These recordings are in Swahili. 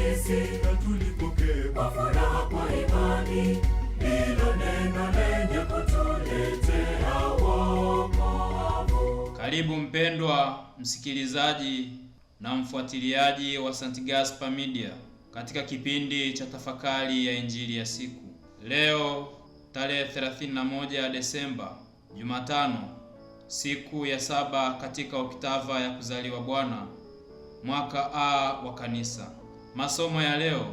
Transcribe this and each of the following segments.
sisi na tulipokee kwa furaha kwa imani hilo neno lenye kutuletea wokovu. Karibu mpendwa msikilizaji na mfuatiliaji wa St. Gaspar Media katika kipindi cha tafakari ya injili ya siku leo tarehe 31 Desemba, Jumatano, siku ya saba katika oktava ya kuzaliwa Bwana, mwaka A wa Kanisa. Masomo ya leo.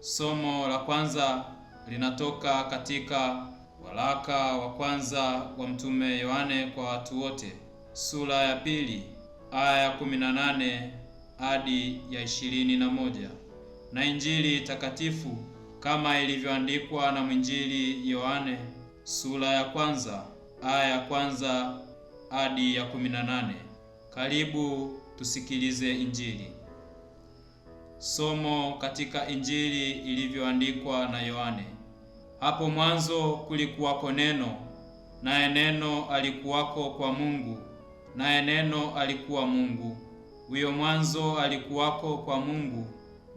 Somo la kwanza linatoka katika waraka wa kwanza wa Mtume Yohane kwa watu wote, sura ya pili aya ya 18 hadi ya 21, na Injili takatifu kama ilivyoandikwa na mwinjili Yohane sura ya kwanza aya ya kwanza hadi ya 18. Karibu tusikilize Injili. Somo katika Injili ilivyoandikwa na Yohane. Hapo mwanzo kulikuwako neno, naye neno alikuwako kwa Mungu, naye neno alikuwa Mungu. Huyo mwanzo alikuwako kwa Mungu.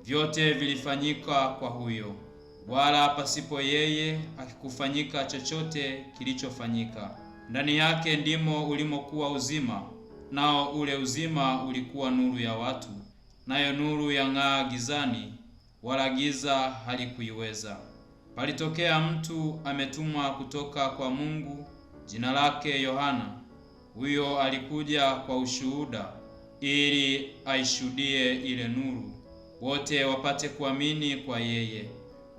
Vyote vilifanyika kwa huyo, wala pasipo yeye hakikufanyika chochote kilichofanyika. Ndani yake ndimo ulimokuwa uzima, nao ule uzima ulikuwa nuru ya watu nayo nuru yang'aa gizani, wala giza halikuiweza. Palitokea mtu ametumwa kutoka kwa Mungu, jina lake Yohana. Huyo alikuja kwa ushuhuda, ili aishuhudie ile nuru, wote wapate kuamini kwa yeye.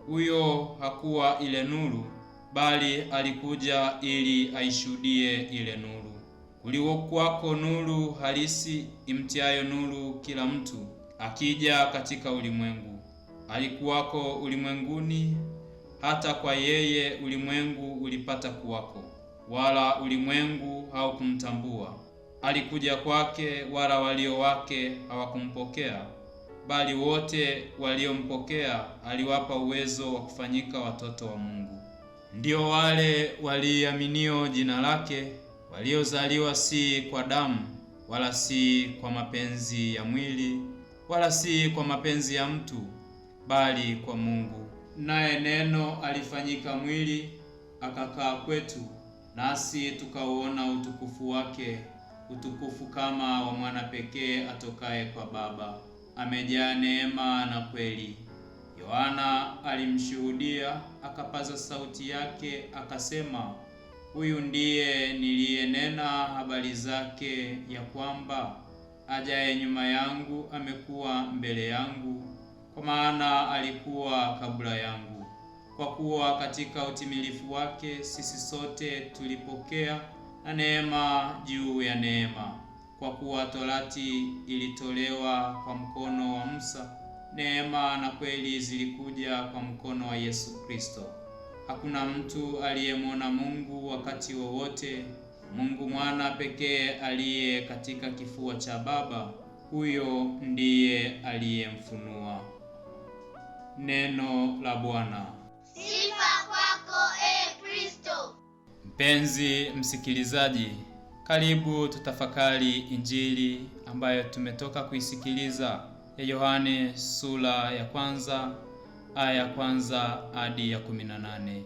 Huyo hakuwa ile nuru, bali alikuja ili aishuhudie ile nuru. Kulikuwako nuru halisi imtiayo nuru kila mtu akija katika ulimwengu. Alikuwako ulimwenguni, hata kwa yeye ulimwengu ulipata kuwako, wala ulimwengu haukumtambua. Alikuja kwake, wala walio wake hawakumpokea, bali wote waliompokea aliwapa uwezo wa kufanyika watoto wa Mungu, ndio wale waliaminio jina lake, waliozaliwa si kwa damu wala si kwa mapenzi ya mwili wala si kwa mapenzi ya mtu, bali kwa Mungu. Naye neno alifanyika mwili akakaa kwetu, nasi tukauona utukufu wake, utukufu kama wa mwana pekee atokaye kwa Baba, amejaa neema na kweli. Yohana alimshuhudia akapaza sauti yake akasema, huyu ndiye niliyenena habari zake ya kwamba Ajaye nyuma yangu amekuwa mbele yangu, kwa maana alikuwa kabla yangu. Kwa kuwa katika utimilifu wake sisi sote tulipokea, na neema juu ya neema. Kwa kuwa torati ilitolewa kwa mkono wa Musa, neema na kweli zilikuja kwa mkono wa Yesu Kristo. Hakuna mtu aliyemwona Mungu wakati wowote wa Mungu mwana pekee aliye katika kifua cha Baba, huyo ndiye aliyemfunua. Neno la Bwana. Sifa kwako e Kristo. Mpenzi msikilizaji, karibu tutafakari Injili ambayo tumetoka kuisikiliza ya Yohane sura ya kwanza aya ya kwanza hadi ya 18.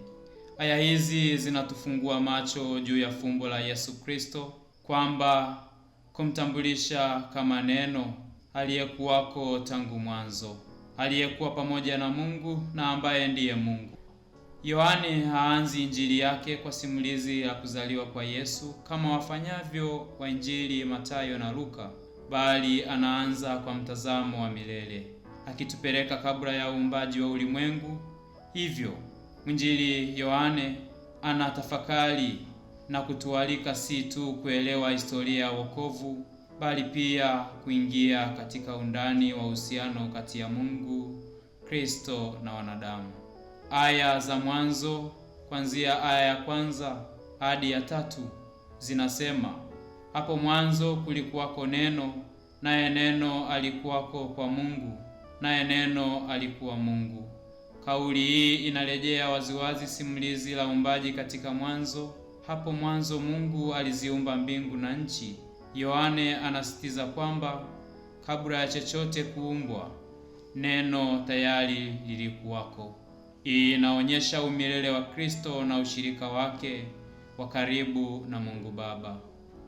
Aya hizi zinatufungua macho juu ya fumbo la Yesu Kristo kwamba kumtambulisha kama neno aliyekuwako tangu mwanzo, aliyekuwa pamoja na Mungu na ambaye ndiye Mungu. Yohane haanzi injili yake kwa simulizi ya kuzaliwa kwa Yesu kama wafanyavyo wa injili Mathayo na Luka, bali anaanza kwa mtazamo wa milele, akitupeleka kabla ya uumbaji wa ulimwengu. Hivyo Mwinjili Yohane anatafakari na kutualika si tu kuelewa historia ya wokovu, bali pia kuingia katika undani wa uhusiano kati ya Mungu, Kristo na wanadamu. Aya za mwanzo kuanzia aya ya kwanza hadi ya tatu zinasema, hapo mwanzo kulikuwako neno, naye neno alikuwako kwa Mungu, naye neno alikuwa Mungu. Kauli hii inarejea waziwazi simulizi la umbaji katika Mwanzo. Hapo mwanzo Mungu aliziumba mbingu na nchi. Yohane anasisitiza kwamba kabla ya chochote kuumbwa, neno tayari lilikuwako. Hii inaonyesha umilele wa Kristo na ushirika wake wa karibu na Mungu Baba.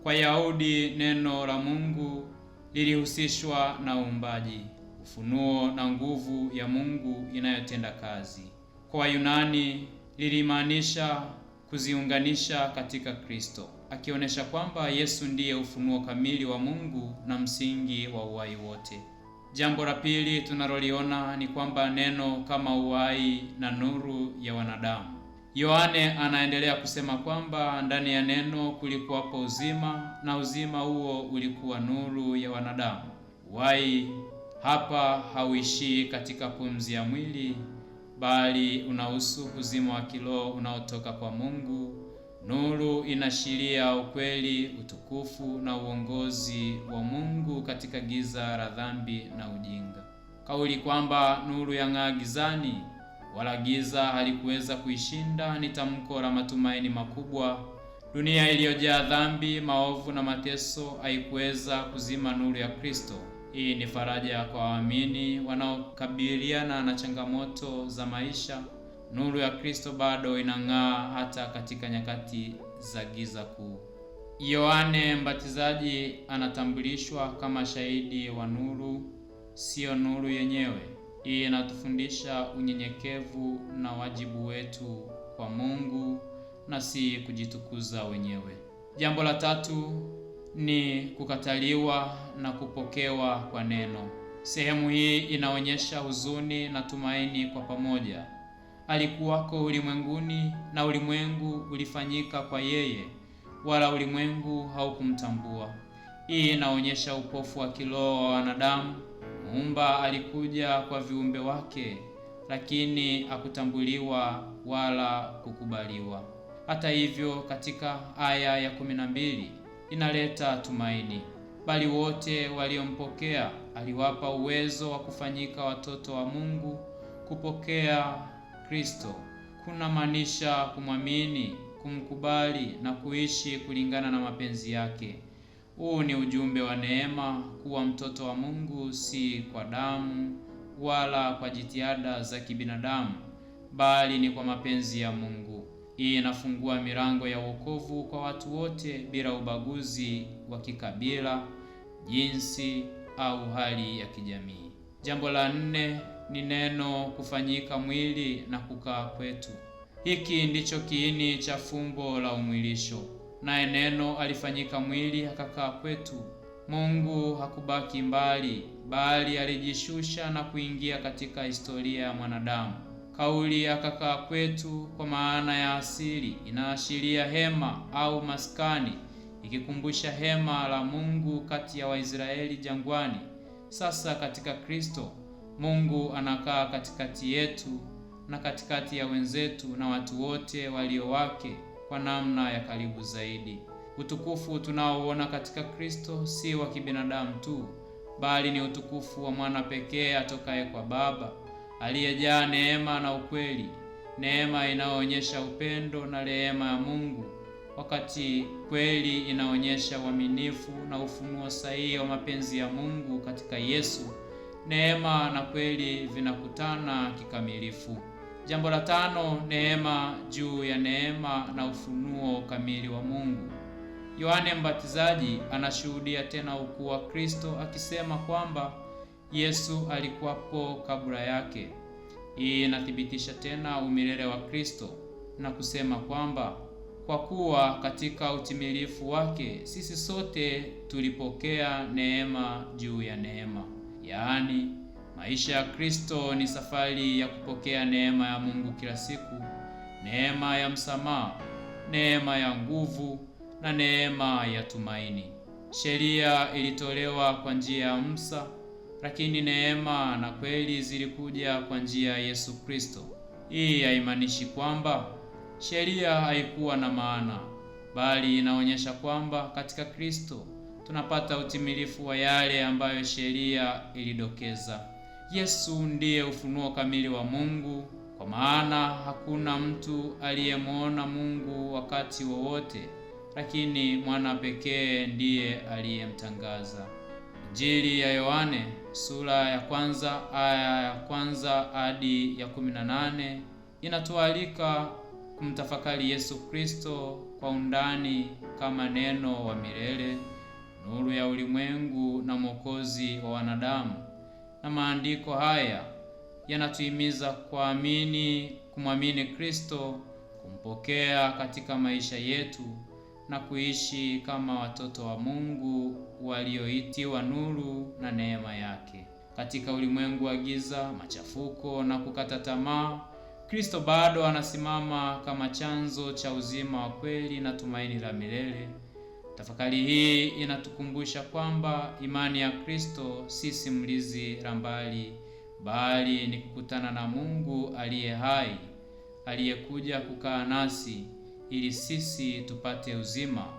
Kwa Yahudi, neno la Mungu lilihusishwa na uumbaji ufunuo na nguvu ya Mungu inayotenda kazi. Kwa Wayunani lilimaanisha kuziunganisha katika Kristo, akionyesha kwamba Yesu ndiye ufunuo kamili wa Mungu na msingi wa uhai wote. Jambo la pili tunaloliona ni kwamba neno kama uhai na nuru ya wanadamu. Yohane anaendelea kusema kwamba ndani ya neno kulikuwapo uzima na uzima huo ulikuwa nuru ya wanadamu. Uhai hapa hauishii katika pumzi ya mwili, bali unahusu uzima wa kiroho unaotoka kwa Mungu. Nuru inashiria ukweli, utukufu na uongozi wa Mungu katika giza la dhambi na ujinga. Kauli kwamba nuru yang'aa gizani wala giza halikuweza kuishinda ni tamko la matumaini makubwa. Dunia iliyojaa dhambi, maovu na mateso haikuweza kuzima nuru ya Kristo. Hii ni faraja kwa waamini wanaokabiliana na changamoto za maisha. Nuru ya Kristo bado inang'aa hata katika nyakati za giza kuu. Yohane Mbatizaji anatambulishwa kama shahidi wa nuru, siyo nuru yenyewe. Hii inatufundisha unyenyekevu na wajibu wetu kwa Mungu na si kujitukuza wenyewe. Jambo la tatu, ni kukataliwa na kupokewa kwa neno. Sehemu hii inaonyesha huzuni na tumaini kwa pamoja. Alikuwako ulimwenguni na ulimwengu ulifanyika kwa yeye, wala ulimwengu haukumtambua. Hii inaonyesha upofu wa kiroho wa wanadamu. Muumba alikuja kwa viumbe wake, lakini hakutambuliwa wala kukubaliwa. Hata hivyo, katika aya ya kumi na mbili inaleta tumaini, bali wote waliompokea aliwapa uwezo wa kufanyika watoto wa Mungu. Kupokea Kristo kuna maanisha kumwamini, kumkubali na kuishi kulingana na mapenzi yake. Huu ni ujumbe wa neema kuwa mtoto wa Mungu si kwa damu wala kwa jitihada za kibinadamu, bali ni kwa mapenzi ya Mungu. Hii inafungua milango ya wokovu kwa watu wote bila ubaguzi wa kikabila, jinsi au hali ya kijamii. Jambo la nne ni neno kufanyika mwili na kukaa kwetu. Hiki ndicho kiini cha fumbo la umwilisho, naye neno alifanyika mwili akakaa kwetu. Mungu hakubaki mbali, bali alijishusha na kuingia katika historia ya mwanadamu Kauli ya kukaa kwetu kwa maana ya asili inaashiria hema au maskani, ikikumbusha hema la Mungu kati ya Waisraeli jangwani. Sasa katika Kristo, Mungu anakaa katikati yetu na katikati ya wenzetu na watu wote walio wake kwa namna ya karibu zaidi. Utukufu tunaoona katika Kristo si wa kibinadamu tu, bali ni utukufu wa mwana pekee atokaye kwa Baba aliyejaa neema na ukweli, neema inayoonyesha upendo na rehema ya Mungu, wakati kweli inaonyesha uaminifu na ufunuo sahihi wa mapenzi ya Mungu katika Yesu. Neema na kweli vinakutana kikamilifu. Jambo la tano, neema juu ya neema na ufunuo kamili wa Mungu. Yohane Mbatizaji anashuhudia tena ukuu wa Kristo akisema kwamba Yesu alikuwapo kabla yake. Hii inathibitisha tena umilele wa Kristo na kusema kwamba kwa kuwa katika utimilifu wake sisi sote tulipokea neema juu ya neema, yaani maisha ya Kristo ni safari ya kupokea neema ya Mungu kila siku, neema ya msamaha, neema ya nguvu na neema ya tumaini. Sheria ilitolewa kwa njia ya Musa lakini neema na kweli zilikuja kwa njia ya Yesu Kristo. Hii haimaanishi kwamba sheria haikuwa na maana, bali inaonyesha kwamba katika Kristo tunapata utimilifu wa yale ambayo sheria ilidokeza. Yesu ndiye ufunuo kamili wa Mungu, kwa maana hakuna mtu aliyemwona Mungu wakati wowote, lakini mwana pekee ndiye aliyemtangaza. Injili ya Yohane sura ya kwanza aya ya kwanza hadi ya 18 inatualika kumtafakari Yesu Kristo kwa undani kama neno wa milele, nuru ya ulimwengu na mwokozi wa wanadamu. Na maandiko haya yanatuhimiza kuamini, kumwamini Kristo, kumpokea katika maisha yetu na kuishi kama watoto wa Mungu walioitiwa nuru na neema yake. Katika ulimwengu wa giza, machafuko na kukata tamaa, Kristo bado anasimama kama chanzo cha uzima wa kweli na tumaini la milele. Tafakari hii inatukumbusha kwamba imani ya Kristo si simulizi la mbali, bali ni kukutana na Mungu aliye hai, aliyekuja kukaa nasi ili sisi tupate uzima,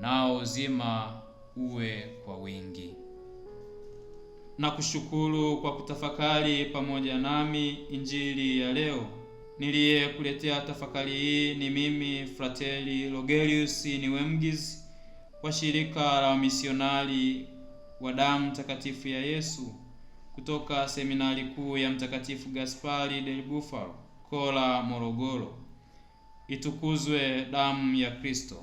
nao uzima uwe kwa wingi. Na kushukuru kwa kutafakari pamoja nami injili ya leo. Niliyekuletea tafakari hii ni mimi Frateli Rogelius Niwemgizi wa shirika la wamisionari wa damu takatifu ya Yesu kutoka seminari kuu ya Mtakatifu Gaspari del Bufalo, Kola, Morogoro. Itukuzwe damu ya Kristo!